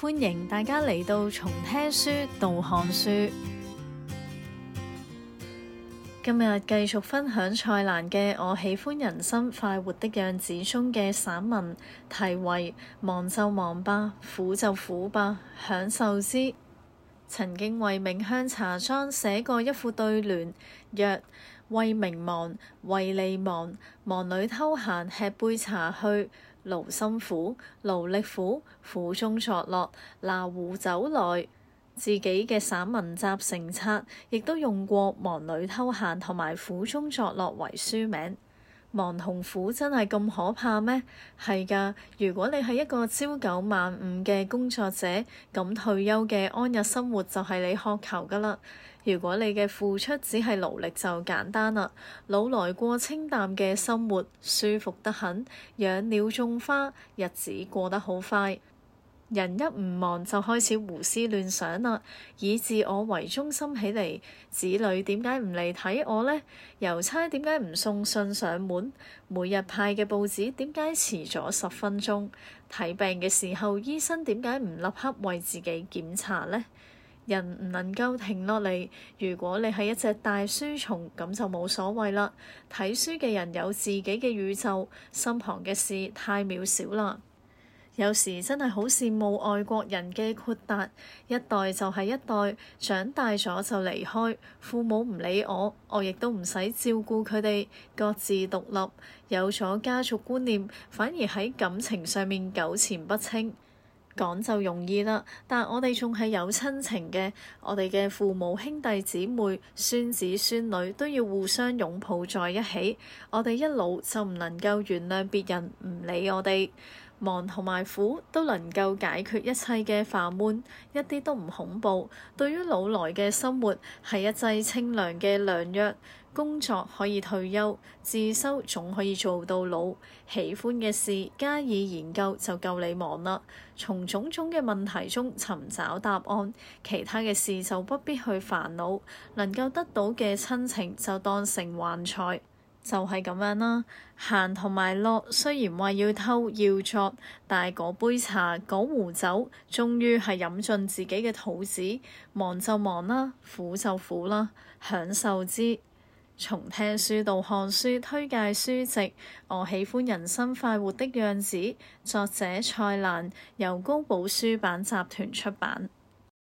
歡迎大家嚟到從聽書到看書，今日繼續分享蔡瀾嘅《我喜歡人生快活的樣子》中嘅散文題為《忙就忙吧，苦就苦吧，享受之》。曾經為茗香茶莊寫過一副對聯，曰：為名忙，為利忙，忙裡偷閒吃杯茶去；勞心苦，勞力苦，苦中作樂拿壺酒來。自己嘅散文集成冊，亦都用過忙裡偷閒同埋苦中作樂為書名。忙同苦真係咁可怕咩？係噶，如果你係一個朝九晚五嘅工作者，咁退休嘅安逸生活就係你渴求噶啦。如果你嘅付出只係勞力就簡單啦，老來過清淡嘅生活，舒服得很，養鳥種花，日子過得好快。人一唔忙就開始胡思亂想啦，以自我為中心起嚟，子女點解唔嚟睇我呢？郵差點解唔送信上門？每日派嘅報紙點解遲咗十分鐘？睇病嘅時候，醫生點解唔立刻為自己檢查呢？人唔能夠停落嚟。如果你係一隻大書蟲，咁就冇所謂啦。睇書嘅人有自己嘅宇宙，身旁嘅事太渺小啦。有時真係好羨慕外國人嘅豁達，一代就係一代，長大咗就離開父母，唔理我，我亦都唔使照顧佢哋，各自獨立。有咗家族觀念，反而喺感情上面糾纏不清。講就容易啦，但我哋仲係有親情嘅，我哋嘅父母、兄弟姊妹、孫子孫女都要互相擁抱在一起。我哋一老就唔能夠原諒別人唔理我哋。忙同埋苦都能夠解決一切嘅煩悶，一啲都唔恐怖。對於老來嘅生活係一劑清涼嘅良藥。工作可以退休，自修總可以做到老。喜歡嘅事加以研究就夠你忙啦。從種種嘅問題中尋找答案，其他嘅事就不必去煩惱。能夠得到嘅親情就當成幻彩。就係咁樣啦，閒同埋樂雖然話要偷要作，但係嗰杯茶、嗰壺酒，終於係飲盡自己嘅肚子。忙就忙啦，苦就苦啦，享受之。從聽書到看書，推介書籍。我喜歡人生快活的樣子。作者蔡瀾，由高寶書版集團出版。